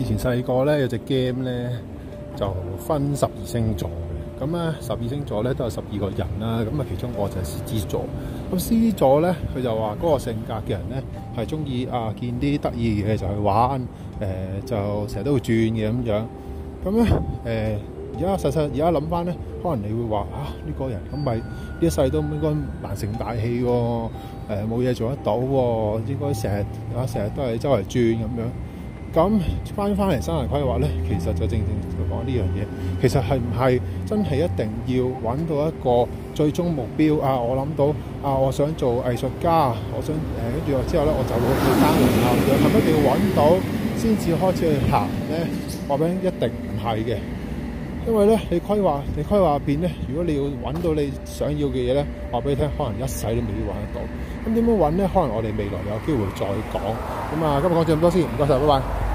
以前細個咧有隻 game 咧就分十二星座嘅，咁啊十二星座咧都有十二個人啦，咁啊其中我就係獅子座，咁獅子座咧佢就話嗰個性格嘅人咧係中意啊見啲得意嘅就去玩，誒就成日都會轉嘅咁樣，咁咧誒而家實際而家諗翻咧，可能你會話啊呢個人咁咪呢一世都唔應該難成大器喎，誒冇嘢做得到喎，應該成日啊成日都係周圍轉咁樣。咁翻翻嚟生涯規劃咧，其實就正正就講呢樣嘢。其實係唔係真係一定要揾到一個最終目標啊？我諗到啊，我想做藝術家，我想誒跟住之後咧，我就會去三年後，係咪一定要揾到先至開始去行咧，我覺得一定唔係嘅。因為咧，你規劃你規劃入面咧，如果你要揾到你想要嘅嘢咧，話俾你聽，可能一世都未必揾得到。咁點樣揾咧？可能我哋未來有機會再講。咁啊，今日講到咁多先，唔該晒，拜拜。